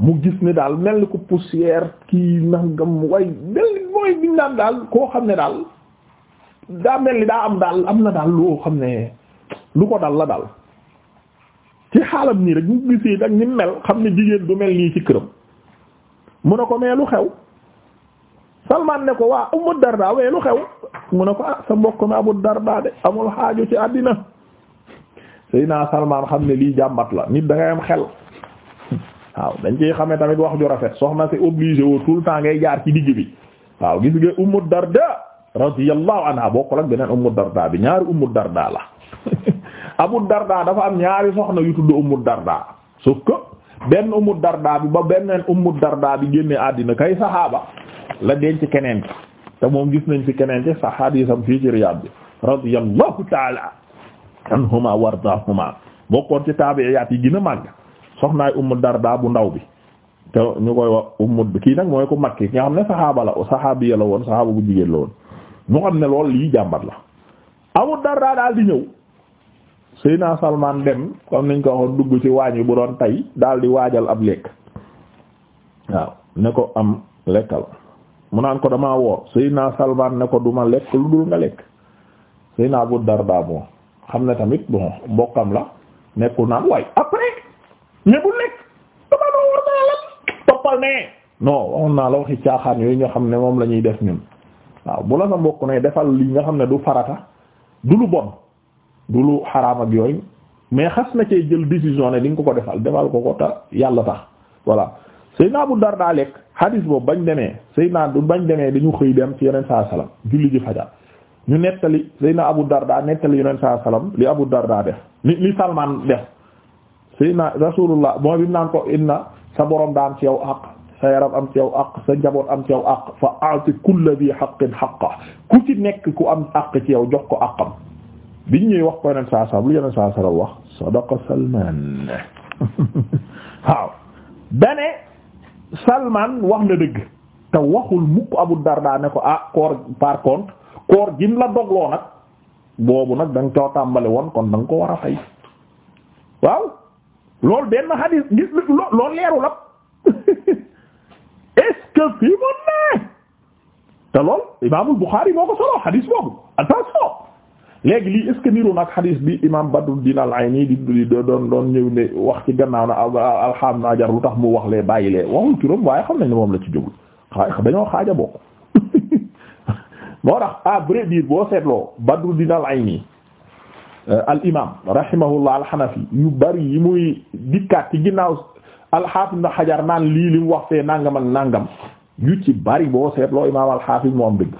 mu gis ne daal mel ni ko poussière kii nangam way mel ni mooy biñ naan daal koo xam ne daal daa mel ni daa am daal am na daal loo xam ne lu ko dal la daal ci xaalam nii rek mu gisee ak ni mel xam ne jigéen du mel nii ci këram mu ne ko mais lu xew Salman ne ko waa Ummu Darda waaye lu xew mu ne ko ah sa mbokk mi Abu Darda de amul xaaju ci àddina Seydina Salman xam ne lii jàmbat la nit da ngay am xel waaw dañ ciy xamee tamit wax ju rafet soxna si obligé woo tout le temps ngay jaar ci digg bi waaw gis nga ummu darda radiyallahu anha bokkul ak beneen ummu darda bi ñaari ummu darda la abu darda dafa am ñaari soxna yu tudd ummu darda sauf que benn ummu darda bi ba beneen ummu darda bi génne àddina kay saxaaba la ci keneen te moom gis nañ fi keneen ci sa hadiisam fii ci Riyaad bi radiyallahu ta'ala anhuma wardaahuma bokkoon ci taabi'iyaat yi gën a soxnaay ummu darda bu ndaw bi te ñu koy wax ummu kii nag mooy ko mag ki nga xam ne saxaaba la saxaabiya la woon saxaaba bu jigéen la woon mu xam ne lool lii jàmbat la abu darda daal di ñëw Seyna Salman dem comme niñ ko dugg ci waañ wi bu doon tey daal di waajal ab lekk waaw ko am lekkal mu naan ko damaa woor naa Salman ne ko duma lekk lu dul nga lekk Seyna Abu Darda bon xam ne tamit bon mbokkam la nekku naan waaye mais bu nekk dama doon war naa toppal ne non waxoon naa la waxi caaxaan yooyu nga xam ne moom la ñuy def ñun waaw bu la sa mbokk ne defal li nga xam ne du farata du lu bon du lu xaraam ak yooyu mais xas na cee jël décision ne di ko ko defal defal ko ko ta yàlla tax voilà Seydina Abu Darda lekk hadis boobu bañ demee Seydina du bañ demee dañu xëy dem ci yeneen saa salaam julli ji fajar ñu nettali Seydina Abu Darda nettali yeneen saa salaam li Abu Darda def li li Salman sayna rasulullah mooy bi ko inna sa borom daa ci yow àq sa yaram am ci yow àq sa njaboot am ci yow àq fa a'ti kulli dhi haqqin haqqa ku ci nekk ku am àq ci yow jox ko àqam biñ ñuy wax ko yeneen saa saa lu yeneen saa saa wax sadaqa Salman waaw bene Salman wax na dëgg te waxul mukk Abu Darda ne ko ah koor par contre koor gi mu la dogloo nag boobu nag da nga coo tàmbali woon kon da ko war a fay waaw loolu benn xadis gis leeru la est-ce moom ne te lool imaamul Buxaari moo ko solo xadis boobu attention léegi lii est-ce que niru nag xadis bi imaam Badruddin al-Ayni di doon doon ñëw ne wax ci gannaaw na alxam naa jar lu tax mu wax lee bàyyi lee waxul turam waaye xam nañ ne moom la ci jógul xaa dañoo xaaja bokk moo tax à vrai dire boo seetloo Badruddin al-Ayni Euh, al imaam rahimahullah alxanafi yu bari yi muy dikkaat ci ginnaaw alxaafis na xajar naan lii li mu wax fee nangam ak nangam yu ci bari boo seetloo imaam alxaafis moo am dëgg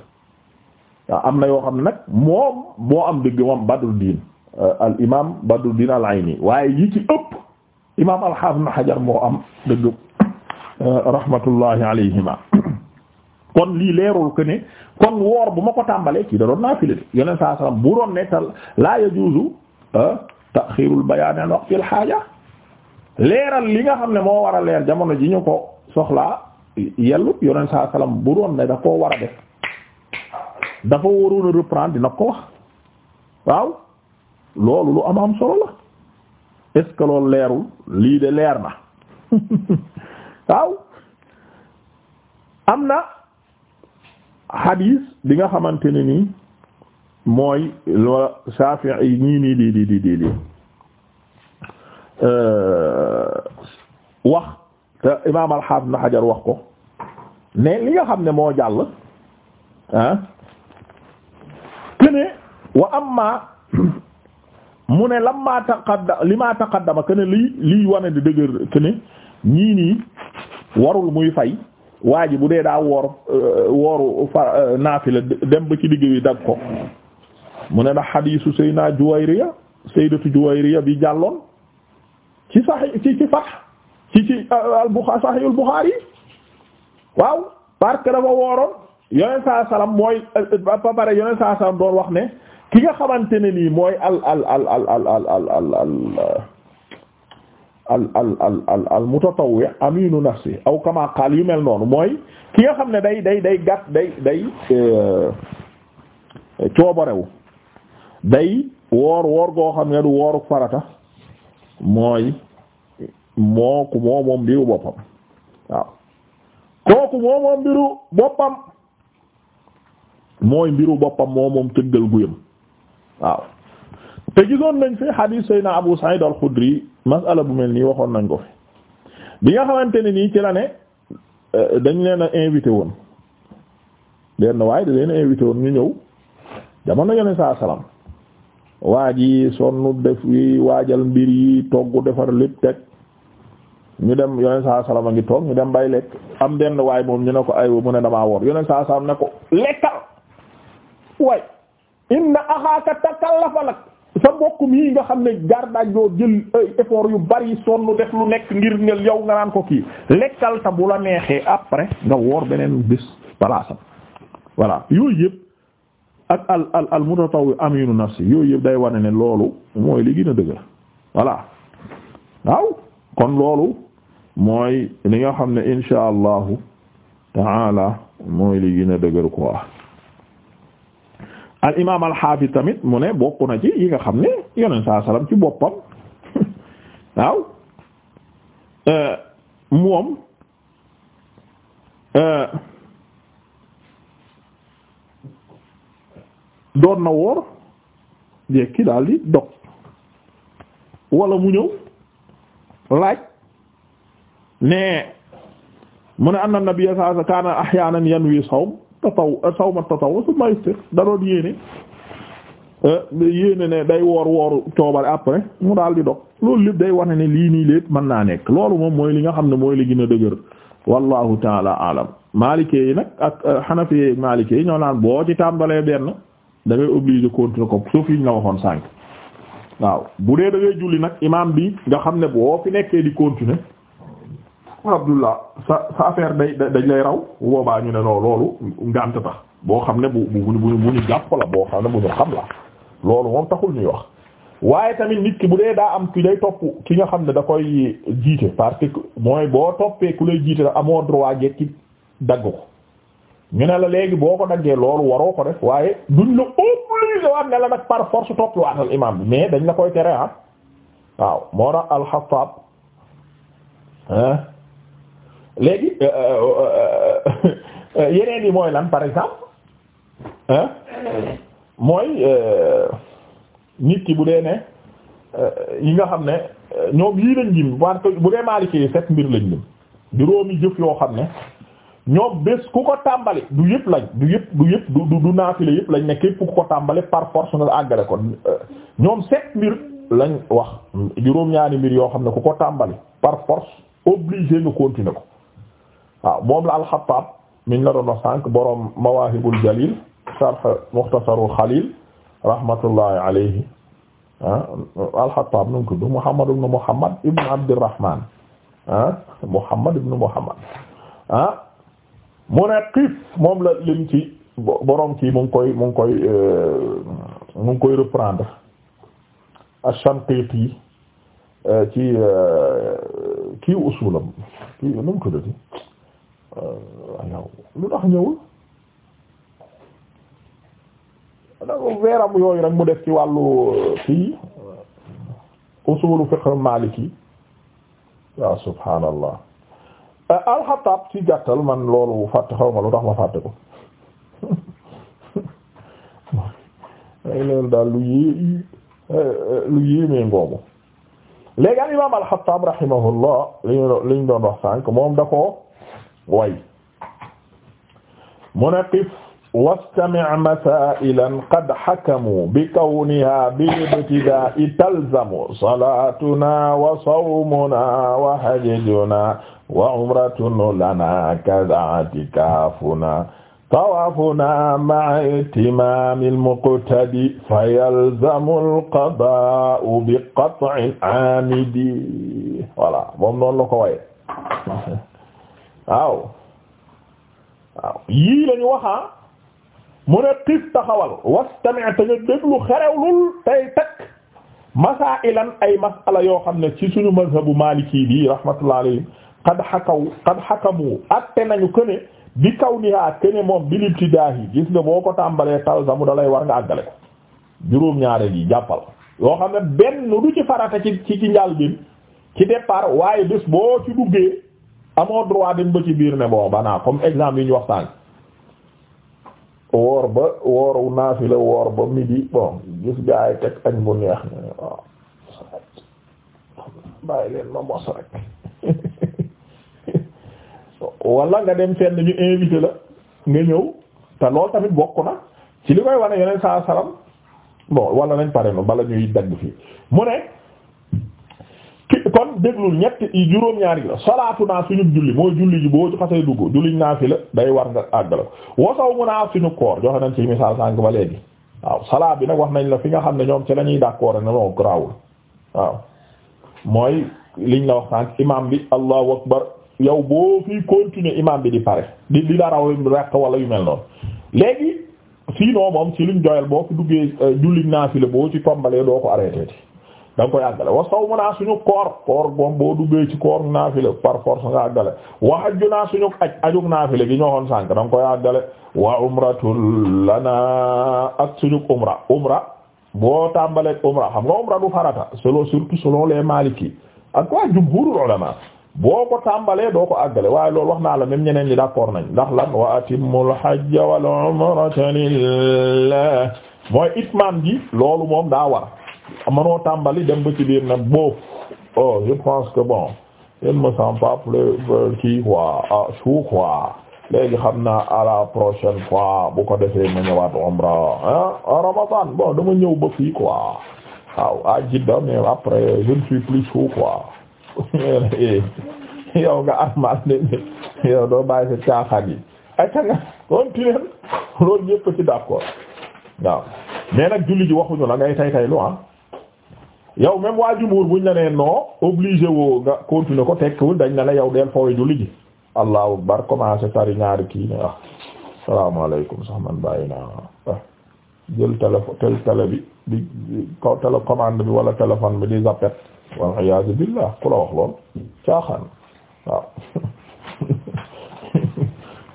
waaw am na yoo xam ne nag moom moo am dëgg moom Badruddin euh, al imaam Badruddin al Ayni waaye yi ci ëpp imaam alxaafis na xajar moo am dëgg euh, rahmatullahi alayhima kon lii leerul que ne kon woor bu ma ko tàmbalee kii da doon naafile de yeneen saa salaam bu doon ne laa yajuuzu ah, taxiirul bayaan an waqtil xaaja leeral li nga xam ne moo war a leer jamono ji ñu ko soxlaa yellu yeneen saa salaam bu doon ne koo war a dafa waroon a dina ko wax waaw loolu lu am am solo la est leerul lii de leer na waaw am na. hadis li nga xamante ne nii mooy loola Shafi'i ñii nii di di di di euh, wax te imaam al-Hafiz Ibn wax ko ne li nga xam ne moo jàll ah kene wa amma mu ne lamma taqaddama lima taqaddama kene lii lii wane di dëgër kene ñii nii warul muy fay waa ji bu dee daa woor wooru fa naafila dem ba ci digg bi dag ko mu ne na xadiisu sayna Juwayriya sayyidatu Juwayriya bi jàlloon ci sax ci ci fax ci ci al-Bukhari Sahihul waaw parce dafa wooroon yoneen saa salaam mooy ba yoneen saa salaam doon wax ne ki nga xamante ne nii mooy al al al al al al al al al al al mutatawwi nafsi aw kama qaal yu mel noonu mooy ki nga xam ne day day day gàtt day day euh, coobarewu day woor woor goo xam ne du wooru farata mooy moo ku moo moom mbiru boppam waaw kooku moo moom mbiru boppam moo moom tëggal guyam waaw te gisoon nañ fi hadith sayna Abu Sa'id al-Khudri masala bu mel nii waxoon nañ ko fi bi nga xamante ne nii ci la ne euh, dañ leen a invité woon benn waaye da leen invité woon ñu ñëw jamono yone saa salaam waaj yi sonn def yi waajal mbir yi togg defar lépp teg ñu dem yone saa salaam a ngi toog ñu dem bay lekk am benn waay moom ñu ne ko aywa mu ne damaa woor yone saa salaam ne ko lekkal waay inna axaaka takallafa lak sa mbokk mii nga xam ne gardaajoo jël ay effort yu bari sonn def lu nekk ngir nga yow nga naan ko kii lekkal ta bu la neexee après nga woor beneen bés palaasam voilà yooyu yëpp ak al al al mutatawwi aminu nafsi yooyu yëpp day wane ne loolu mooy li gën a dëgër voilà waaw kon loolu mooy li nga xam ne insha allahu taala mooy li gën a dëgër quoi al imaam al xaafis tamit mu ne bokk ci yi nga xam ne yonent saa salaam ci boppam waaw euh, moom euh, doon na woor jekki daal di dog wala mu ñëw laaj ne mu ne anna nabiyya sallallahu alayhi wa kaana ahyaanan yanwi sawm tataw euh, sawma tataw su ma iftir da doon euh, yéene ne day woor wooru coobare après mu daal di dog loolu lépp day wane ne lii nii lépp mën naa nekk loolu moom mooy li nga xam ne mooy li gën a dëgër wallahu taala alam maalikee yi nag ak xanafiyee euh, maalikee yi ñoo naan boo ci tàmbalee benn da ngay obligé contre ko suuf yi waxoon sànq waaw bu dee da julli nag imaam bi nga xam ne boo fi nekkee di continuer Abdullah sa sa affaire day dañ lay raw boobaa ñu ne non loolu ngànt tax boo xam ne bu bu ñu jàpp la boo xam ne bu ñu xam la loolu moom taxul ñuy wax. waaye tamit nit ki bu dee daa am ki day topp ki nga xam ne da koy jiite parce mooy boo toppee ku lay jiite amoo droit gekki dagg ko ñu ne la léegi boo ko daggee loolu waroo ko def waaye duñ la obligé waat ne la nag par force topp waatal imam bi mais dañ la koy tere ah waaw moo tax al léegi euh, euh, euh, yeneen yi mooy lan par exemple hein mooy nit ki bu dee ne yi nga xam ne ñoom yii lañ jim wante bu dee Maliki yi set mbir lañ jim juróomi jëf yoo xam ne ñoom bés ku ko tàmbali du yëpp lañ du yëpp du yëpp du du naafile yëpp lañ ne képp ku ko tàmbali par force nga àggale ko ñoom set mbir lañ wax juróom-ñaari mbir yoo xam ne ku ko tàmbali par force obligé nga continuer ko waaw moom la alxattaab miñ la doon wax sànq borom mawaahibul jalil sharh mukhtasarul xalil rahmatullahi alayhi ah alxattaab nu mu tudd Muhammad ibn Muhammad ibn Abdirrahman ah Muhammad ibn Muhammad ah mu ne xiif moom la lim ci borom kii mu ngi koy mu ngi koy euh, mu ngi koy reprendre Ash-Shanqiti euh, ci euh, kii usulam kii nu mu tuddati Euh, lu tax ñëwul danga weeram mu def ci wàllu euh, fii usulu fiqh maliki ya subhaanallah euh, alxataab ci gàttal man loolu fàtte xaw ma lu tax ma fàtte ko loolu daal lu yii lu yéemee ngoogu léegi al imaam alxataab rahimahullah liñ doon wax sànk moom da ko way mu ne qif wastami' masailan qad hakamu bi kawniha bil ibtida'i talzamu salatuna wa sawmuna wa hajjuna wa umratun lana kada'atikaafuna tawaafuna ma'a ihtimaamil muqtadi fayalzamul qadaa'u bi qat'il aamidi voilà moom noonu la ko waye waaw waaw yii lañu waxaa ah. mu ne xiif taxawal wastami' te nga déglu xerewlul tey takk masailan ay masala yoo xam ne ci suñu mazhabu maliki bi rahmatullah alayhi qad xakaw qad xakamu atte nañu këne bi kaw nihaa këne moom bi libtidaahi gis nga boo ko tàmbalee talzamu dalay war nga àggale ko juróom-ñaareel yi jàppal yoo xam ne benn du ci farata ci ci ci njaal bin ci départ waaye bés boo ci duggee amoo droit dem ba ci biir ne bon banaa comme exemple yi ñu wax sànq woor ba wooru naafila woor ba midi bon gis gaay teg añ bu neex ne waaw bàyyi leen ma mos rek wala nga dem fenn ñu invité la nga ñëw te lool tamit bokk na ci li koy wane yeneen saa salaam bon wala nañ pare no bala ñuy dagg fii mu ne kon déglul ñett yi juróom-ñaari la salaatu naa suñu julli mooy julli ji boo xasee dugg julli naa fi la day war nga àggala ko wasaw mun a suñu koor joxe nañ ci misaal sànq ba léegi waaw salaat bi nag wax nañ la fi nga xam ne ñoom ci la ñuy d'accord ne loolu garaawul waaw mooy liñ la wax sànq imaam bi allahu akbar yow boo fi continuer imaam bi di pare di di la raw rekk wala yu mel noonu léegi sinon moom ci liñ doyal boo fi duggee euh, julli naa fi la boo ci tombalee doo ko arrêté da nga koy àggale wa sawmu naa suñu koor koor moom boo duggee koor naafile par force nga àggale wa hajju naa suñu aj ajug naafile gi ñoo xoon koy àggale wa umratul lana ak suñu umra umra boo tàmbalee umra xam nga umra du farata selon surtout selon les maliki ak waa jumhurul ulama boo ko tàmbalee doo ko àggale waaye lool wax naa la même ñeneen ñi d'accord nañ ndax lan wa atimmul hajja wal umrata lillah mooy itmaam gi loolu moom daa war manoo tàmbali dem ba ci biir nag boof oh je pense que bon je ne me sens plus kii quoi ah suu quoi léegi xam na à la prochaine fois bu ko defee ma ñëwaat umra ah Ramadan bon dama ñëw ba fii quoi waaw à Jidda mais après je ne suis plus chaud quoi yow nga armal ne yow doo bàyyi sa caaxaan yi acca nga continuer loolu ñëpp ci d'accord waaw mais nag julli waxuñu la ngay tay tay lu ah yow même waa jumhur buñ la nee non obligé woo nga continuer ko tekkiwul dañ ne la yow del fooy julli ji allahu akbar commencé tari ñaari kii ne ah salaamaaleykum sax man bàyyi naa ah, jël téléphone tel télé bi di kaw télécommande bi wala téléphone bi di zappet wal iyaazu billah ku la wax lool caaxaan waaw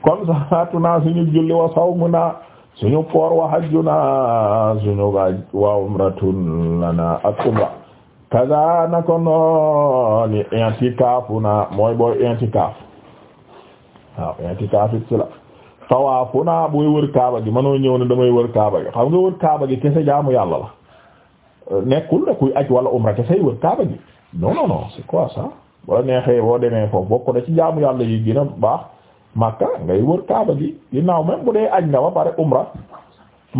kon saxaatu naa suñu julli wa saw mu naa suñu koor wa hajjuna suñu gaaj wa umratun lana ak umra kaza na ko nooni i'tikafuna mooy booy i'tikaf waaw i'tikaf it ci la tawafuna booy wër kaaba gi mënoo ñëw ne damay wër kaaba gi xam nga wër kaaba gi kese jaamu yàlla la nekkul ne kuy aj wala umra kese wër kaaba gi non non non boo neexee boo demee foofu bokk na ci jaamu yàlla yi gën a baax Makka ngay wër Kaaba gi ginnaaw même bu dee aj nga ba pare umra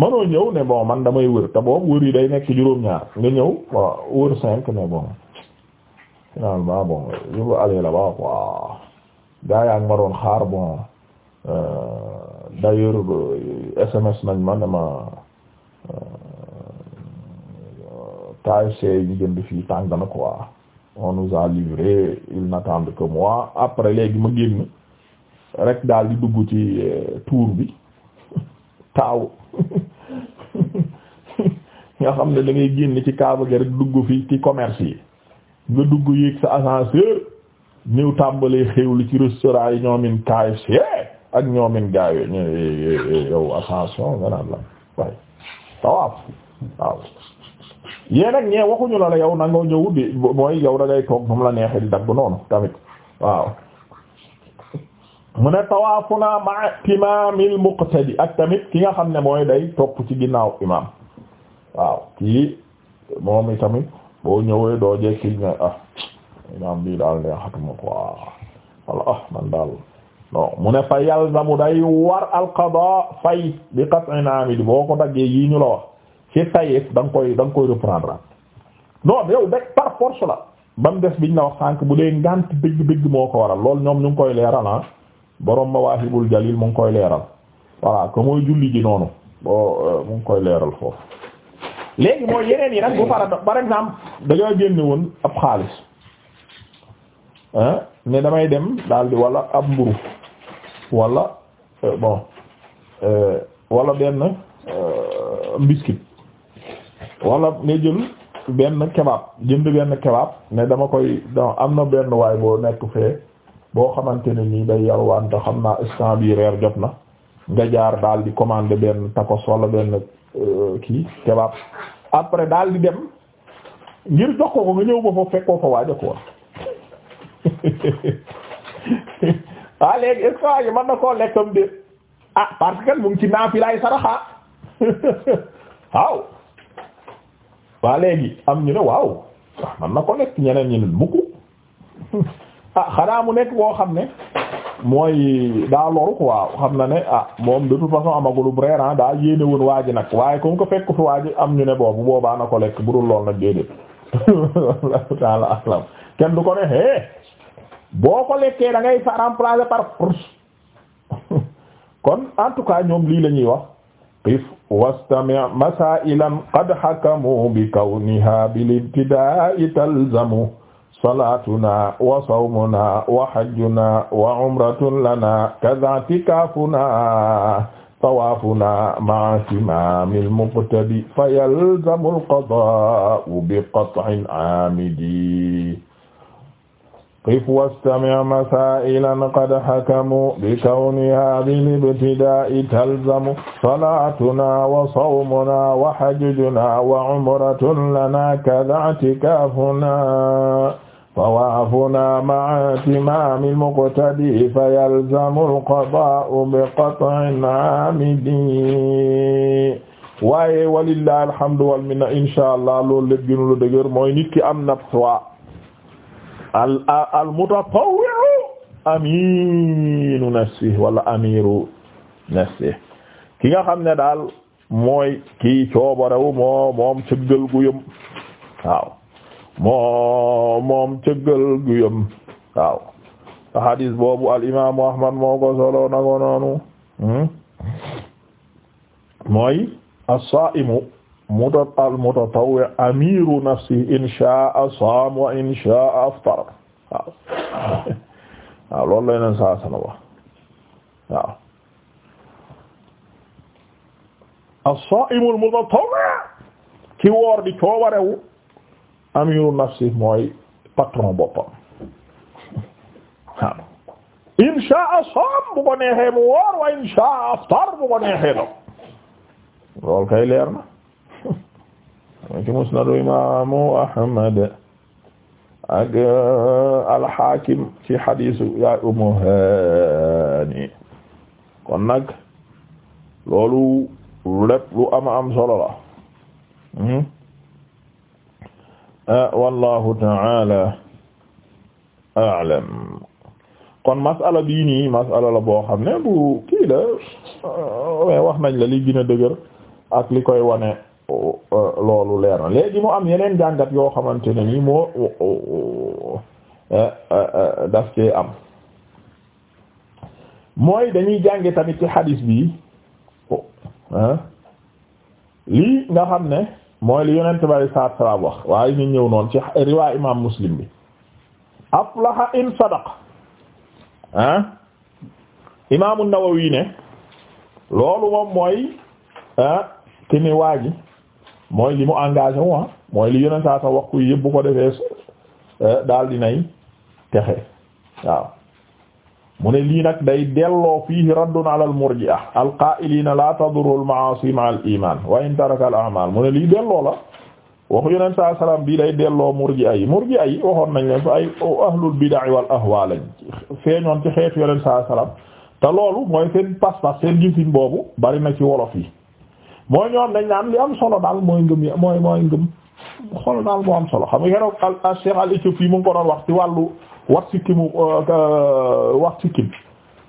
mënoo ñëw ne bon man damay wër te boobu wër yi day nekk juróom-ñaar nga ñëw waaw wër cinq ne bon finalement bon je veux aller là-bas ma doon xaar bon euh, d'ailleurs SMS euh, nañ ma ne ma euh, KFC ñu jënd fii tàng na quoi on nous a livré ils n'attendent que moi après léegi ma génn. rek daal di dugg ci euh, tuur bi taaw nga xam ne da génn ci kaaba gi rek dugg fi ci commerce yi nga dugg yéeg sa ascenseur ñëw tàmbalee xéwlu ci restaurant yi ñoomin KFC ak ñoomin gaayoo ñu eh, eh, eh, yow attention nga naan la waaye tawaaf waaw yéen ak ñee waxuñu la la yow nangoo ñëw di mooy yow da toog ba la neexee di dagg noonu tamit waaw mu ne tawaafuna ma'a imaamil muqtadi ak tamit ki nga xam ne mooy day topp ci ginnaaw imaam waaw kii moom i tamit boo ñëwee doo jekki ne ah imaam bii daal ne xatuma quoi wala ah man daal non mu ne fa yalzamu day war alqadaa fay bi qat'in amili boo ko daggee yii ñu la wax ci tayef da koy da nga koy reprendre non yow deg par la ba des biñ la wax sànq bu dee ngànt dëgg-dëgg moo ko waral loolu ñoom ñu ngi koy leeral ah. borom Mawaahibul Jalil mu ngi koy leeral voilà que mooy julli ji noonu boo euh, mu ngi koy leeral foofu. léegi mooy yeneen yi nag bu farata par exemple dañoo génne woon ab xaalis ne damay dem daal di wala ab mburu wala euh, bon euh, wala benn biscuit walla nga jël benn kebab jënd benn kebab ne dama koy donc am na benn waay boo nekk fee. boo xamante ne nii day yalwaan te xam naa instant bii reer jot na nga jaar daal di commander benn tacos wala benn euh, kii kebab après daal di dem ngir jox ko ko nga ñëw ba fa fekkoo fa waaja ko ah léegi est-ce que na koo lekkam de ah parce que mu ngi ci naafilaay saraxa waaw waa léegi am ñu ne waaw ah, man na ko lekk ñeneen ñi ne ah xanaa mu nekk koo xam ne mooy daa loru quoi xam na ne ah moom de toute façon amagulu brera ah, daa yéene woon waa ji nag waaye comme ko fekk fi waa ji am ñu ne boobu boobaa na ko lekk bu dul lool nag déedéet taala kenn du ko ne hee boo ko lekkee da ngay fa par kon en tout cas ñoom lii la ñuy wax qif wastami' masailan qad hakamu bi kawniha bil ibtida'i talzamu salaatuna wa sawmuna wa hajjuna wa umratun lana kaza tikaafuna tawaafuna ma'a timaamil muqtadi fa yalzamul qadaa'u bi qat'in aamidi qif wastami' masaa'ilan qad hakamu bi kawnihaa bil ibtidaa'i talzamu salaatunaa wa sawmunaa wa hajjunaa wa umratun lanaa kadhaa i'tikaafunaa tawaafunaa ma'a ihtimaamil muqtadii fayalzamul qadaa'u bi qat'in 'aamidin waaye walillaahil hamdu wal minna inshaa Allah loolu lépp gënu la dëgër mooy nit ki am na al al mutatawwi'u amiinu nafsihi wala amiru nafsihi ki nga xam ne daal mooy kii coobarewu moo moom cëggal guyam waaw moom cëggal guyam waaw hadis boobu al imaamu ahmad moo solo na ko hmm? mooy as-saa'imu muta al mutatawwi amiru nafsi inshaa saam wa inshaa aftar waaw waaw loolu lay neen saa sana wax waaw as-saa'imu al-mutatawwi ki woor di coobarewu amiru nafsi mooy patron boppam waaw inshaa saam bu ko neexee mu woor wa inshaa aftar bu ko neexee do loolu kay leer na ci musnadu imaamu Ahmad ak uh, al-Hakim ci hadiisu yaay Ummu Haani kon nag loolu lépp lu ama am solo la hmm? uh, wallahu ta'ala a'lam kon masala bii masala la boo xam ne bu kii la uh, wax nañ la li gën dëgër ak li koy wane loolu leer na léegi mu am yeneen jàngat yoo xamante ne ni moo eh, eh, eh, daf cee am mooy dañuy jànge tamit ci xadis bi oh, ah, lii nga xam ne mooy li yonent bari waaye ñu ñëw noon ci riwaa imam muslim bi aflaha in sadaq ah imaamu Nawawi ne loolu moom mooy ah ki mooy li mu engagé wu ah mooy li yeneen saa sa wax ko bu ko defee eh, daal di nay texe waaw mu ne lii nag day delloo fiihi raddun ala al murji'a al qa'ilina la tadurru al ma'asi ma'a al iman wa in taraka al a'mal mu ne lii delloo la waxu yeneen salaam bii day delloo murji'a ay murji'a yi waxoon nañ leen fa ay ahlul bid'a wal ahwa lañ feeñoon ci xeetu yeneen saa salaam te loolu mooy seen pas seen gisin boobu bari na ci wolof yi. mooy ñoom dañ naan li am solo daal mooy ngëm mooy mooy ngëm xol daal moo am solo xam nga keroog al Cheikh al Éthiopie mu ngi ko doon wax ci wàllu wax ci kimu euh, wax ci kim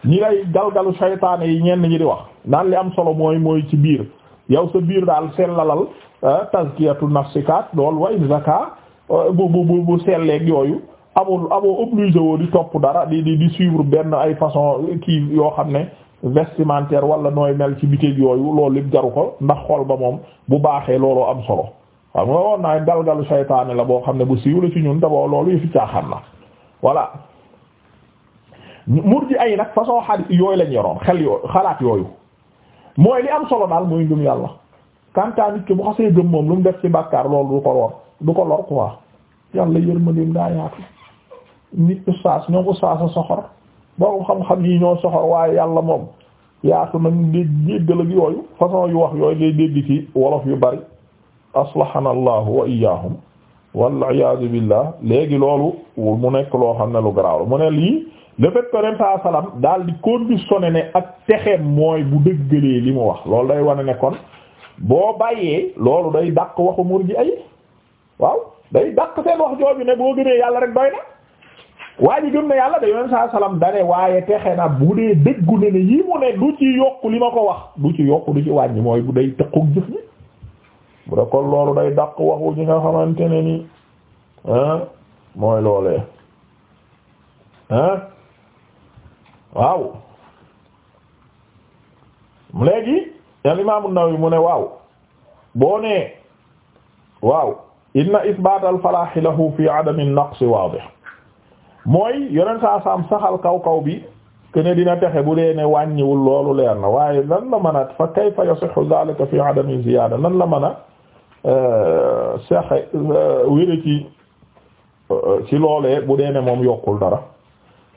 ñi lay galgalu saytaane yi ñenn ñi di wax naan li am solo mooy mooy ci biir yow sa biir daal sellalal euh, tazkiyatu nafsikaat lool wa in zaka euh, bu bu bu selleeg yooyu amul amoo obligé di topp dara di di di suivre benn ay façon kii yoo xam ne vestimentaire wala nooy mel ci bitig yooyu loolu lépp jaru ko ndax xol ba moom bu baaxee looloo am solo xam nga woon naa galgalu saytaane la boo xam ne bu siiw la ci ñun d'abord loolu yi fi caaxaan la voilà mur ji ay nag façon xarit yooyu lañ yoroon xel yoo xalaat yooyu mooy li am solo daal muy ngëm yàlla kantaa nit ki bu xasee gëm moom lu mu def ci bàkkaar loolu du ko lor du ko lor quoi yàlla yërmandeem daa yaatu nit ustaas ñoo ko ustaas a soxor boroom xam-xam yi ñoo soxor waaye yàlla moom yaatu nañ dégg jéggal ak yooyu façon yu wax yooyu ngay dégg ci wolof yu bari aslahana allahu wa iyyahum wal iyaadu billah léegi loolu mu nekk loo xam ne lu garaaw la mu ne lii le fait que ren saa salaam daal di conditionné ne ak texeem mooy bu dëggalee li mu wax loolu day wane ne kon boo bàyyee loolu day dàq waxu murji ay waaw day dàq seen wax jooju ne boo gënee yàlla rek doy na. waa ji gëm na yàlla da yoon saa salaam dane waaye texe na bu dee déggu ne ne yi mu ne du ci yokku li ma ko wax du ci yokku du ci wàññi mooy bu day tëquk jëf ñi bu da kon loolu day dàq waxu ji nga xamante ne ni ah mooy loolee ah waaw léegi al imam an-Nawawi mu ne waaw boo nee waaw inna isbaat al falaahi fi adami naqs waadih mooy yeneen saa saam saxal kaw kaw bi que ne dina texe bu dee ne wàññiwul loolu leer na waaye lan la mën a fa kayfa yasihu zalika fi adami ziyaada lan la mën a euh, saxe euh, wére ci euh, ci loolee bu dee ne moom yokkul dara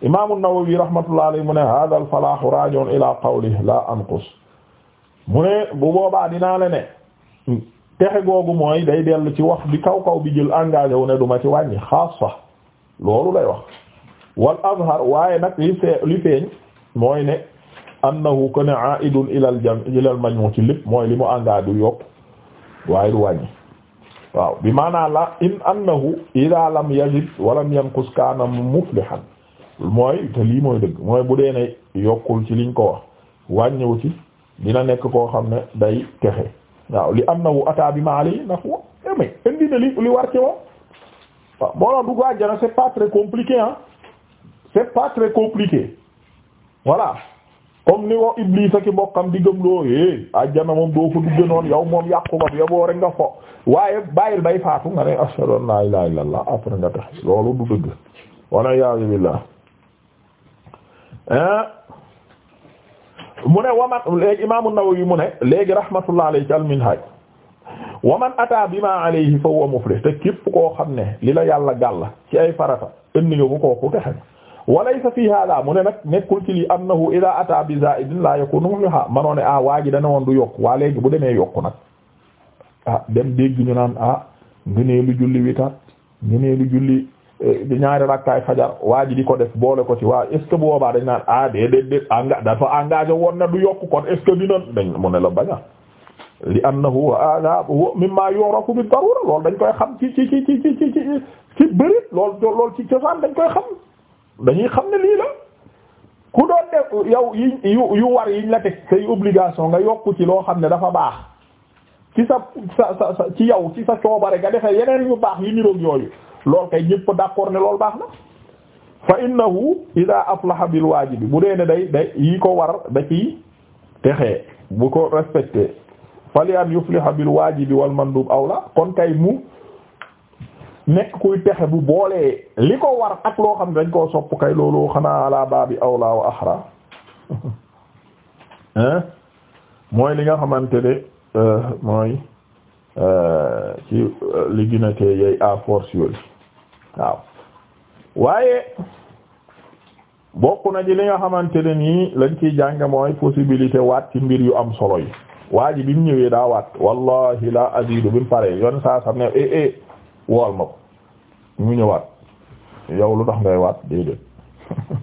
imaamu Nawawi rahmatullahi alayhi mu ne hada al falahu raji'un ila qawlihi la anqus mu ne bu boobaa dinaa la ne texe googu mooy day dellu ci wax bi kaw kaw bi jël engagé wu ne duma ci wàññi xaas sax loolu lay wax wal azhar waaye nag li feeñ mooy ne annahu kana aidun ila al jam ila ci lépp mooy li mu engagé du yokk waaye du wàññi waaw bi maanaa la in annahu ida lam yajid wa lam yanqus kaana muflihan mooy te lii mooy dëgg mooy bu dee ne yokkul ci liñ ko wax wàññiwu ci dina nekk koo xam ne day texe waaw li annahu ata bi ma alayhi nafwa indi na li li war ci moom waaw moo la dugg àjjana c'est pas très compliqué ah c'est pas très compliqué voilà comme ni ko Iblis ak mbokkam di gëm loo eh àjjana moom doo fa dugg noonu yow moom yàqu ba yoboo rek nga fo waaye bàyyil bay faatu nga ne ashhadu an la ilaha illallah après nga tax loolu du dëgg wala yaazu billah mu ne waman léegi imaamu Nawawi mu ne léegi rahmatullah alayhi al minhaj wa man ataa bimaa alayhi fa huwa muflih te képp koo xam ne li la yàlla gàll ci ay farata indi nga ko kooku texe wa laysa fii hada mu ne nag nekkul ci lii annahu idaa ataa bi zaa'idin laa yakunu manoo ne ah, waa ji dana woon du yokk waa léegi bu demee yokku nag ah dem dégg ñu naan ah ngënee lu julli witar ngënee lu julli di eh, ñaari rakkaay fajar waa ji di ko def boole ko ci waa est ce que boobaa dañ naan ah déedéet déet enga dafa engagé woon na du yokk kon est ce que dina dañ mu ne la baña li annahu hada mimma yurafu bi darura loolu dañ koy xam ci ci ci ci ci ci ci lool lool ci cosaan dañ koy xam dañuy xam ne lii la ku doon def yow yi yu yu war yiñ la teg say obligation nga yokku ci loo xam ne dafa baax ci sa sa sa ci yow ci sa coobare nga defee yeneen yu baax yi niroog yooyu lool kay ñëpp d'accord ne lool baax na fa innahu ida aflaha bil waajibi bu dee ne day day yi ko war da ciy texee bu ko respecté fali an yufliha bil waajibi wal mandub awla kon kay mu nekk kuy texe bu boolee li ko war ak loo xam ne dañ koo sopp kay loolu xanaa ala baabi awla wa axra mooy li nga xamante ne euh, mooy euh, ci euh, li gina te yey à force yooyu waaw waaye bokk na ci li nga xamante ne nii lañ ciy jàng mooy possibilité waat ci mbir yu am solo yi waa ji ñëwee daa waat wallahi la azidu bi mu paree yoon saa sam ne eh eh wool ma ko mu ñëwaat yow lu tax ngay waat déedéet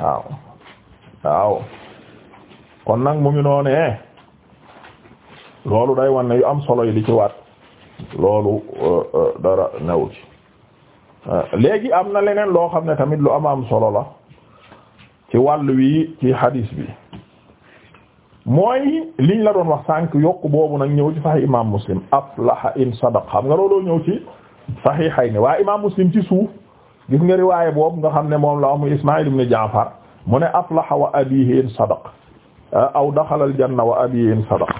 waaw waaw kon nag mu ngi noonee eh. loolu day wan ne yu am solo yi di ci waat loolu eh, eh, dara new ci léegi am na leneen loo xam ne tamit lu am am solo la ci wàll wi ci hadis bi mooy liñ la doon wax sànq yokk boobu nag ñëw ci sahih imam muslim aflaha in sadaq xam nga looloo ñëw ci sahihayni waaye imam muslim ci suuf gis nga riwaaye boobu nga xam ne moom la wax mu ismail ibn jaafar mu ne aflaha wa abihi in sadaq aw daxala al janna wa abihi in sadaq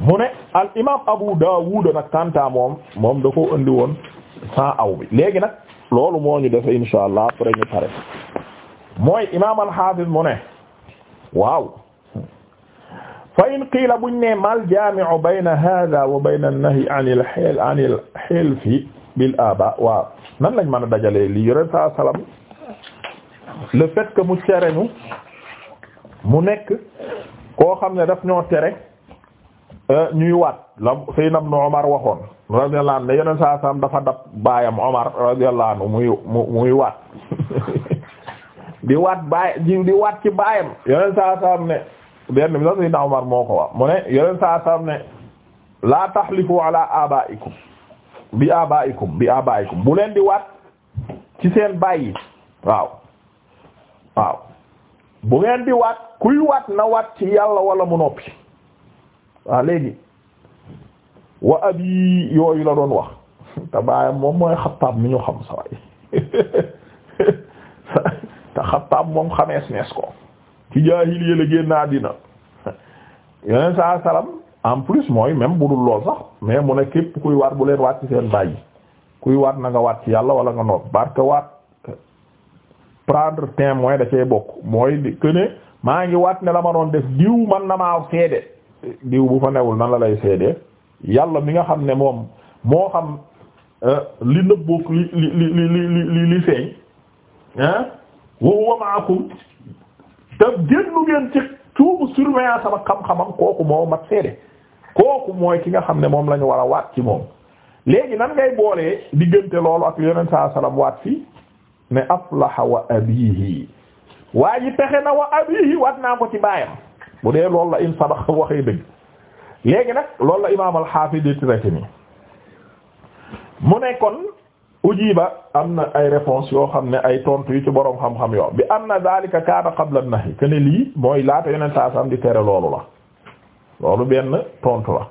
mu ne al imam abu daawud nag tanta moom moom da ko andi woon sans aw bi léegi nag loolu moo ñu def insha allah après ñu pare mooy imam al mu ne waaw fa in qiila buñ ne mal jaami'u bayna hada wa bayna an-nahyi anil hil anil hilfi bil aba waaw nan lañ mën a dajalee li yore saa salam le fait que mu tere ñu mu nekk koo xam ne daf ñoo tere euh, ñuy waat la Seydina Ibn Omar waxoon radiyallahu anhu ne yoneen saa salam dafa dab baayam Omar radiyallahu anhu muy muy waat di waat baay di waat ci baayam yoneen saa salam ne benn bi sax Seydina moo ko wax mu ne yeneen saa saam ne laa taxlifu ala abaikum bu leen di wat ci seen baay yi waaw waaw bu ngeen di waat kuy waat na waat ci yàlla wala mu noppi waaw léegi wa abi yooyu la doon wax te baayam moom mooy xattaab mi ñu xam sa waay te moom xamees nees ko ci jaahiliya la génn àddina yeneen saa en plus mooy même bu dul lool sax mais mu ne képp kuy waat bu leen waat ci seen bàyyi kuy waat na nga waat ci yàlla wala nga noot barke waat prendre témoin da cee bokk mooy que maa ngi waat ne la ma doon def diw man na maa seede diw bu fa newul nan la lay seede yàlla mi nga xam ne moom moo xam euh, li nëbbook li li li li li feeñ ah wa huwa ma'akum te génnu ngeen ci suufu surveillance sama xam-xamam kooku moo mat seede kooku mooy ki nga xam ne moom lañu ñu war a waat ci moom léegi nan ngay boolee diggante loolu ak yonent saa salaam waat fii ne aflaha wa abihi waa ji pexe na wa abihi waat naa ko ci baayam bu dee loolu la in sadax waxee dëgg léegi nag loolu la imaam al-Hafiz di traité ni mu ne ujiba am na ay réponse yoo xam ne ay tontu yu ci boroom xam-xam yoo bi anna zalika kaana qabla an-nahy kene lii mooy laata yeneen saa sam di tere loolu la loolu benn tontu la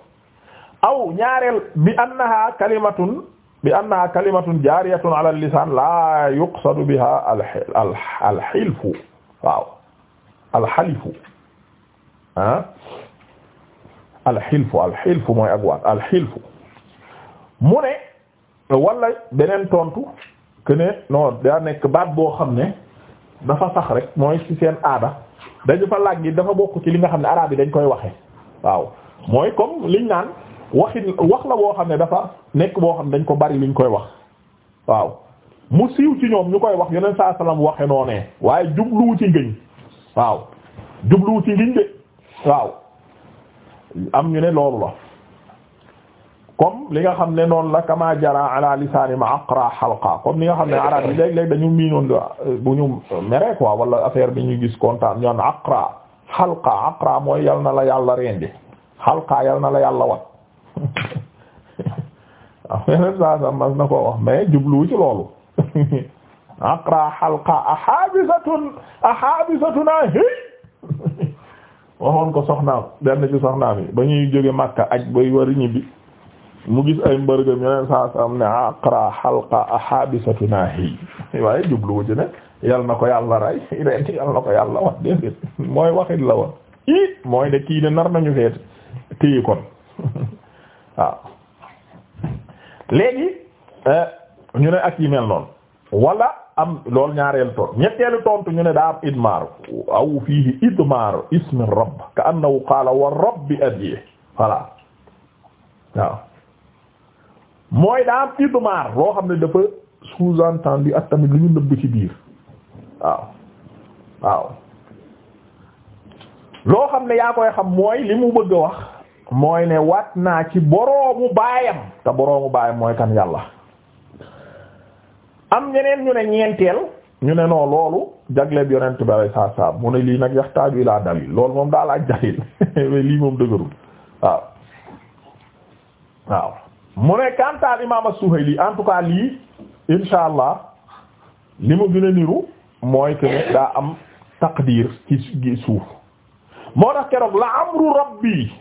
aw ñaareel bi annaha kalimatun bi annaha kalimatun jaariyatun ala al-lisaan laa yuqsadu biha al al-hilfu waaw al-halifu ah al-hilfu al-hilfu mooy ak waat al-hilfu mu ne Euh, wala beneen tontu que ne non daa nekk baat boo xam ne dafa sax rek mooy ci seen aada dañu fa laaj gi dafa bokk ci li nga xam ne araab yi dañ koy waxe waaw mooy comme liñ naan waxin wax la boo xam ne dafa nekk boo xam ne dañ ko bari liñ koy wax waaw mu siiw ci ñoom ñu koy wax yeneen saa salaam waxe noonee waaye jubluwu ci ngëñ waaw jubluwu ci ngëñ de waaw am ñu ne loolu la comme li nga xam ne noonu la kama jara ala lisaani ma aqra halqa comme li nga xam ne arab yi léeg-léeg dañu miinoon euh, bu ñu mere quoi wala affaire bi ñu gis kontaan ñoon aqra halqa aqra mooy yal na la yàlla rendi halqa yal na la yàlla wat amen sa sa mas na ko wax mais jublu ci loolu aqra halqa a habisatun a hi waxoon ko soxnaam benn ci soxnaam ba ñuy jóge Makka aj bay wari ñibbi mu gis ay mbërgëm yeneen saa saa am ne aqra xalqa ahabisatu naahi waaye jubluwu ci ne yal na ko yàlla rey ren yal na ko yàlla wax déedéet mooy waxit la woon i mooy ne kii ne nar nañu feet téye kon waaw léegi eh, ñu ne ak yi mel noonu wala am lool ñaareelu tontu ñetteelu tontu ñu ne daa am idmar aw fiihi idmar ismi rabb ka annahu qaala wa rabbi adiye voilà waaw mooy daa am idmaar loo xam ne dafa sous-entendu ak tamit lu ñu nëbb ci biir waaw waaw loo xam ne yaa koy xam mooy li mu bëgg a wax mooy ne wat naa ci boroomu baayam te boroomu baayam mooy kan yàlla am ñeneen ñu ne ñeenteel ñu ne noo loolu jagleeb yonent bi alay saa saa mu ne lii nag yaxtaaju ilaa dalil loolu moom daa laaj dalil lii moom dëgërul waaw waaw mu ne kantaal imaam as-Suhayli en tout cas lii insha allah li mu gën a niru mooy que daa am taqdir ci suuf moo tax keroog la amru rabbi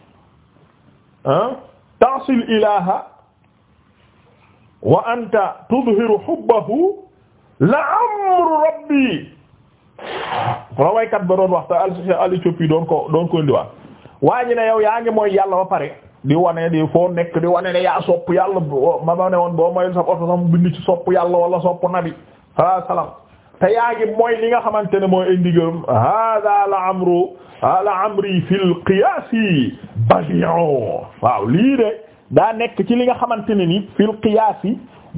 ah ta'sil ilaha wa anta tudhiru hubbahu la amru rabbi la ba doon waxta al Éthiopie doon ko doon ko indiwaat waa ne yow yaa ngi mooy yàlla ba pare di wane di foo nekk di wane ne yaa sopp yàlla ma ma ne woon boo moy sa oto sax bind ci sopp yàlla wala sopp nabi salaa salaam te yaa ngi mooy li nga xamante ne mooy indigam hada la amru la amri fil qiyaasi badi'u waaw lii daa nekk ci li nga xamante ne ni fil qiyaasi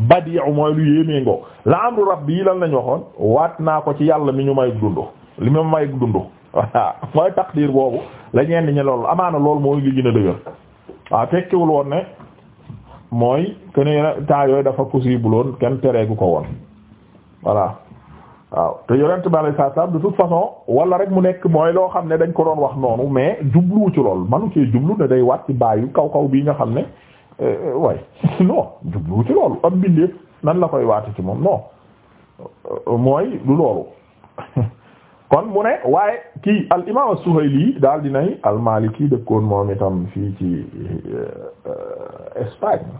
badi'u mooy lu yéemee ngoo la amru rabbi yi lan lañ waxoon waat naa ko ci yàlla mi ñu may dundu li ma may dundu waaw mooy taqdir boobu la ñeen ñi loolu amaana loolu moo li gën a dëgër waaw tekkiwul woon ne mooy que ne temps dafa possible woon kenn tereegu ko woon voilà waaw te yonent bi alay saa de toute façon wala rek mu nekk mooy loo xam ne dañ ko doon wax noonu mais jubluwu ci lool manu cee jublu ne day ci bàyyu kaw kaw bii nga xam ne euh, way non jubluwu ci loolu am mbindeef nan la koy waati ci moom non euh, mooy du loolu kon mu ne waaye kii al imam as-Suhayli daal dinay al-Maliki dëkkoon moom itam fii ci euh, Espagne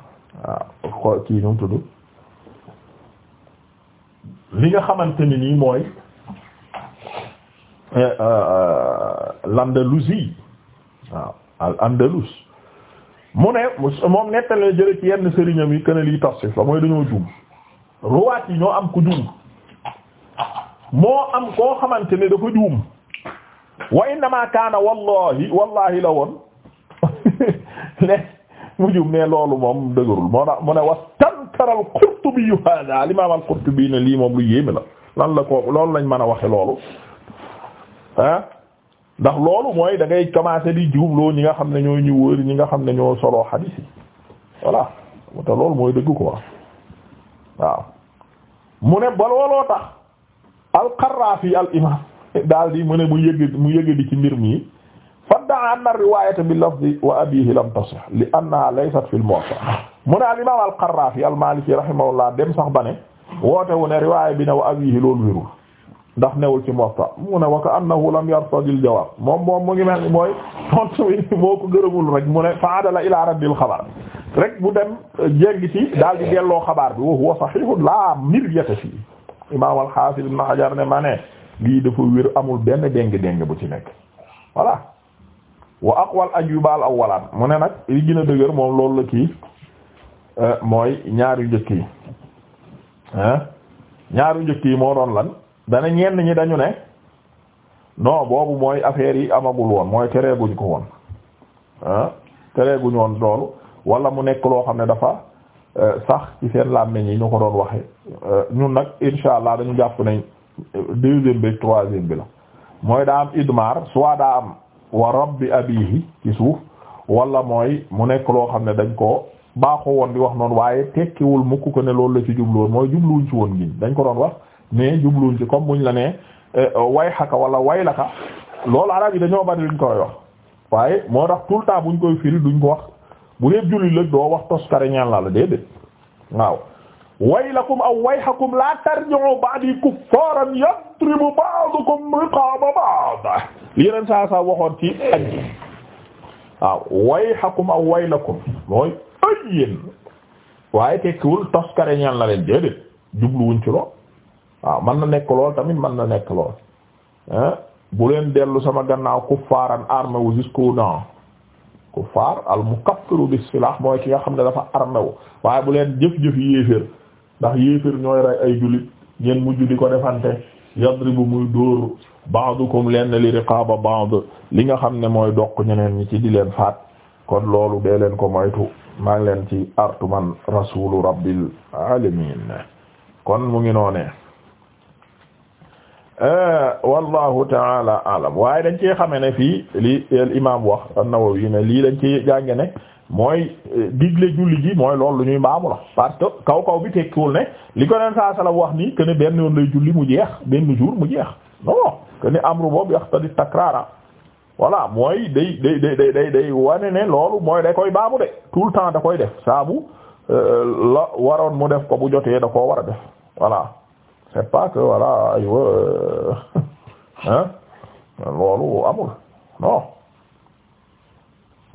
waaw kii nu mu li nga xamante ni nii mooy euh, euh, l'Andalousie waaw al-Andalus mu ne moom nettale jële ci yenn sëriñam yi kën a lii tasif la mooy dañoo juum ruwaat yi ñoo am ku juum moo am koo xamante ne dafa juum wa innama kaana wallahi wallahi la woon ne mu juum ne loolu moom dëgërul moo tax mu ne wastankara al-Qurtubi hada ma imam al-Qurtubi ne lii moom lu yéeme la lan la ko loolu lañ mën a waxe loolu ah ndax loolu mooy da ngay commencer di juumloo ñi nga xam ne ñoo ñu ñi nga xam ne ñoo soloo xadiis yi voilà te loolu mooy dëgg quoi waaw mu ne ba tax al-Qaraafi al imam daal di mu ne mu yëg mu yëg di ci mbir mi fadda'a anna riwaayata bi lafzi wa abiihi lam tasih li annahaa laysat fil Muwatta mu ne al imam al-Qaraafi al-Maaliki rahimahullah dem sax ba ne woote wu ne riwaaya bi ne wa abiihi loolu wérul ndax newul ci Muwatta mu ne wa ka annahu lam yartadil jawaab moom moom mu ngi mel ni mooy tontu wi moo ko gërëmul rek mu ne fa'adala ilaa radil xabar rek bu dem eh, jéngi ci daal di delloo xabaar bi wa huwa sahiihun laa imaam al-Hafiz Ibn Hajar ne ma lii dafa wér amul benn déng-déng bu ci nekk voilà wa aqwal ajwibaal awwalan mu ne nag li gën a dëgër moom loolu la kii euh, mooy ñaaru njëkk yi ah ñaaru njëkk yi moo doon lan dana ñenn ñi dañu ne non boobu mooy affaire yi amagul woon mooy tereeguñ ko woon ah tereeguñ woon loolu wala mu nekk loo xam ne dafa Euh, sax ci seen làmmiñ yi ñu ko doon waxee euh, ñun nag insha allah dañu jàpp nañ euh, deuxième bi troisième bi la mooy daa am idmar soit daa am wa rabbi abihi ci suuf wala mooy mu nekk loo xam ne dañ ko baaxoo woon bi wax noonu waaye tekkiwul mukk ko ne loolu la ci jubluwoon mooy jubluwuñ ci woon giñ dañ ko doon wax mais jubluwuñ ci comme buñ la nee way xaka wala way laka loolu arab yi dañoo bari luñ koy wax waaye moo tax tout le buñ koy firi duñ ko wax bu dee jullit la doo wax toskare ñaan la la déedéet waaw waylakum aw wayhakum la tarji'u ba'di kuffaran yadribu ba'dukum riqaba ba'd li yeneen saa saa waxoon ci aj waaw wayhakum aw waylakum mooy ay yéen waaye tekkiwul toskare ñaan la leen déedéet jubluwuñ ci lool waaw mën na nekk lool tamit mën na nekk lool bu leen dellu sama gannaaw kuffaaran armé wu jusqu'aux kuffaar al mukaffiru bis silah mooy ki nga xam ne dafa armewu waaye bu leen jëf-jëf yéeféer ndax yéeféer ñooy rey ay jullit ngeen mujj di ko defante yadribu muy dóor ba'dukum leen li riqaba ba'd li nga xam ne mooy doq ñeneen ñi ci di leen faat kon loolu dee leen ko moytu maa ngi leen ci artu man rasulu rabbil alamin kon mu ngi Euh, wallahu taala alam waaye dañ ci xame ne fii li al imam wax an-Nawawi ne lii dañ ci jànge ne mooy euh, digle julli ji mooy loolu lu ñuy mbaamu la parce que kaw kaw bi tekkiwul ne li ko neen saa sala wax nii que ne benn yoon lay julli mu jeex benn jour mu jeex non que ne amru boobu yaxtadi takraara voilà mooy day day day day wane ne loolu mooy da koy baamu de tout le temps da koy def saabu euh, la waroon mu def ko bu jotee da koo war a def voilà c'est pas que voilà euh, aywa hein loolu amul non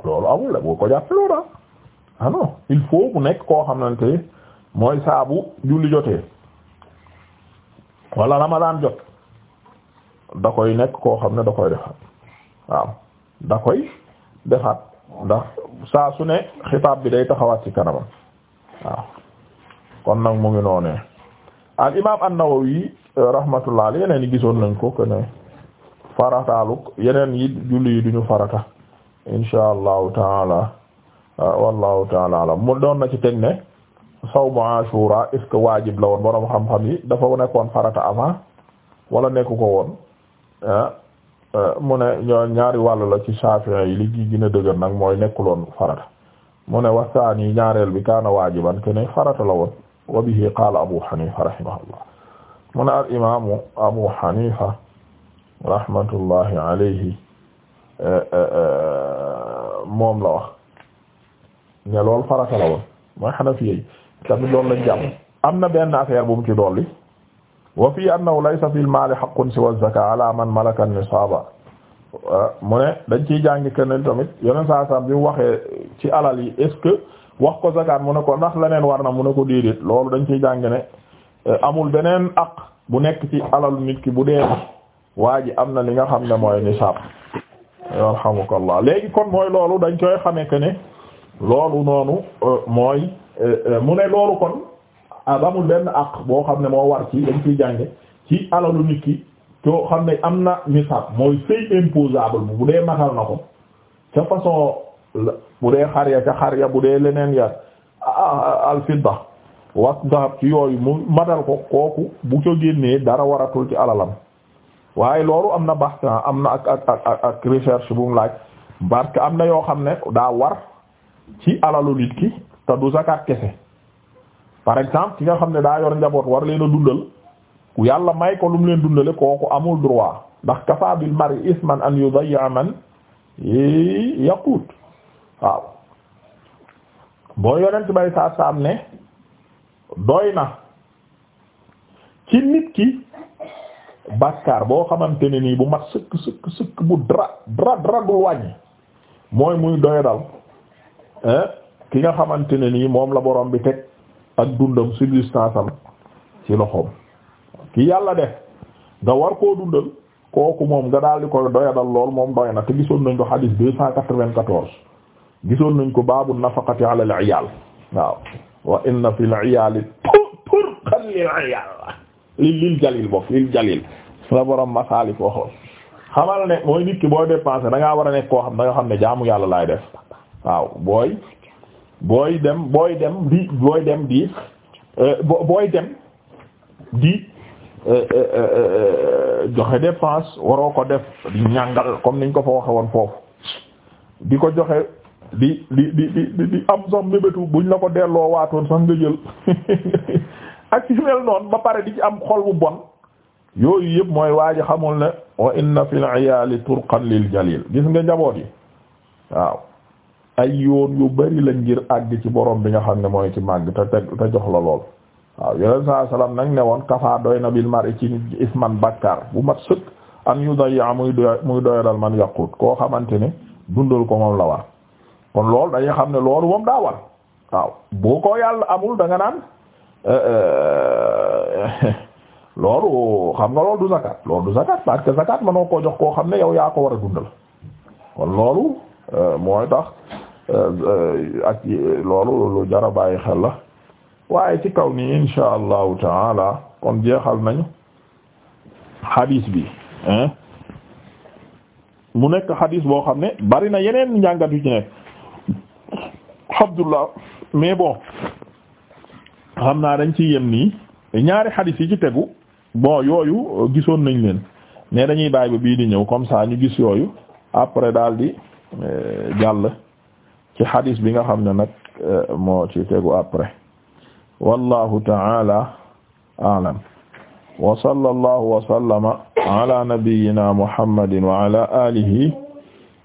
loolu amul la boo ko jàppe loolu ah. ah non il faut bu nekk koo xamante mooy bu julli jotee wala ramadaan jot da koy nekk koo xam ne da koy defaat waaw da koy defaat ndax saa su ne xitaab bi day taxawaat ci kanamam waaw kon nag mu ngi noonee al imaam an-Nawawi euh, rahmatullah yeneen yi gisoon nañ ko que ne yeneen yi julli yi duñu farata insha allahu taala euh, wallahu taala mu doon na ci teg ne sawmu ashura est-ce que waajib la woon borom xam-xam yi dafa nekkoon farata avant wala nekku ko woon euh, mu ne ñaari wàll la ci Shafi'i yi li gi gën dëgër nag mooy nekkuloon farata mu ne wasaani ñaareel bi kaana waajiban que ne farata la woon. wa bihi qaala abu hanifa rahimahullah mu ne al imaamu abu hanifa rahmatullahi alayhi eh, eh, eh, moom la wax ne lool farata la woon mooy hanafiya yi tamit loolu lañ jàpp am na benn affaire bu mu ci dolli wa fii annahu laysa fil maali haqqun siwa zaka ala man malaka nisaaba mu ne dañ ciy jàngi kenn tamit yeneen saa saam bi mu waxee ci alal yi est-ce que wax ko zakat mu ne ko ndax leneen war na mu ne ko déedéet loolu dañ ciy jàng ne euh, amul beneen aq bu nekk ci alalu nit ki bu dee waa ji am na li nga xam ne mooy nisaab yarhamukallah léegi kon mooy loolu dañ koy xamee que ne loolu noonu euh, mooy euh, mu ne loolu kon ah, amul benn aq boo xam ne moo war ci dañ ciy jànge ci alalu nit ki too xam ne am na nisaab mooy sëy imposable bu dee matal na ko ca façon bu dee xar ya ca xar bu dee leneen ya alfidda wax dahab ci yooyu mu matal ko kooku bu ko génnee dara waratul ci alalam waaye loolu am na baxtan am na ak recherche bu mu laaj parce am na yoo xam ne daa war ci alalu nit ki te du zakat kese par exemple ki nga xam ne daa yor njaboot war leen a dundal ku yàlla may ko lu mu leen dundale kooku amul droit ndax kafa bil isman an yudayya man yaqut waaw boo yonent bay saa saam ne doy na ci nit ki bàkkaar boo xamante ne nii bu mat sëkk sëkk sëkk bu dra dra dra du wàññi mooy muy doy eh, ki nga xamante ne nii moom la borom bi teg ak dundam subsistance am ci loxoom ki yàlla def nga war koo dundal kooku moom nga daal di koy doyadal lool moom doy na te gisoon nañ ko xadiis deux cent quatre-vingt-quatorze gisoon nañ ko baabu nafaqati ala al iyal waaw wa inna fi al iyal turqan lil iyal lil jalil bokk lil jalil la borom masalif waxoon xamal ne mooy nit ki booy dépenser da war a nekk koo xam da nga xam ne jaamu yàlla laay def waaw booy booy dem booy dem di booy dem di euh, booy dem di euh, euh, joxe dépense waroo ko def di comme niñ ko fa waxe woon foofu di ko joxe di di di di di am sax mébétu buñ la ko delloo waatoon sax nga jël ak ci mel noonu ba pare di ci am xol bu bon yooyu yëpp mooy waa ji xamul ne wa inna fil iyaali turqan lil jalil gis nga njaboot yi waaw ay yoon yu bari la ngir àgg ci boroom bi nga xam ne mooy ci màgg te te jox la lool waaw yeneen saa salaam nag ne woon kafaa doy na bil mar'i ci isman bakkar bu mat sëkk an yu doy yaa muy doy doyadal man yàqut koo xamante ne dundal ko moom la war kon loolu dañuy xam ne loolu moom daa war waaw boo ko yàlla amul danga naan euh, euh, loolu xam nga loolu du zakat loolu du zakat parce ma zakat mënoo koo jox koo xam ne yow yaa ko war a dundal kon loolu euh, mooy tax ak loolu lu jara bàyyi xel la waaye ci kaw nii insha allahu taala kon jeexal nañu hadis bi mu nekk hadis boo xam ne bari na yeneen njàngat yu ci nekk Abdullah mais bon xam naa dañ ci yem nii ñaari xadis yi ci tegu bon yooyu euh, gisoon nañ leen mais dañuy bàyyi ba bii di ñëw comme ça ñu gis yooyu après daal di euh, jàll ci xadis bi nga xam ne nag euh, moo ci tegu après wallahu ta'ala a'lam wa sallallahu wa sallama ala nabiyyina muhammadin wa ala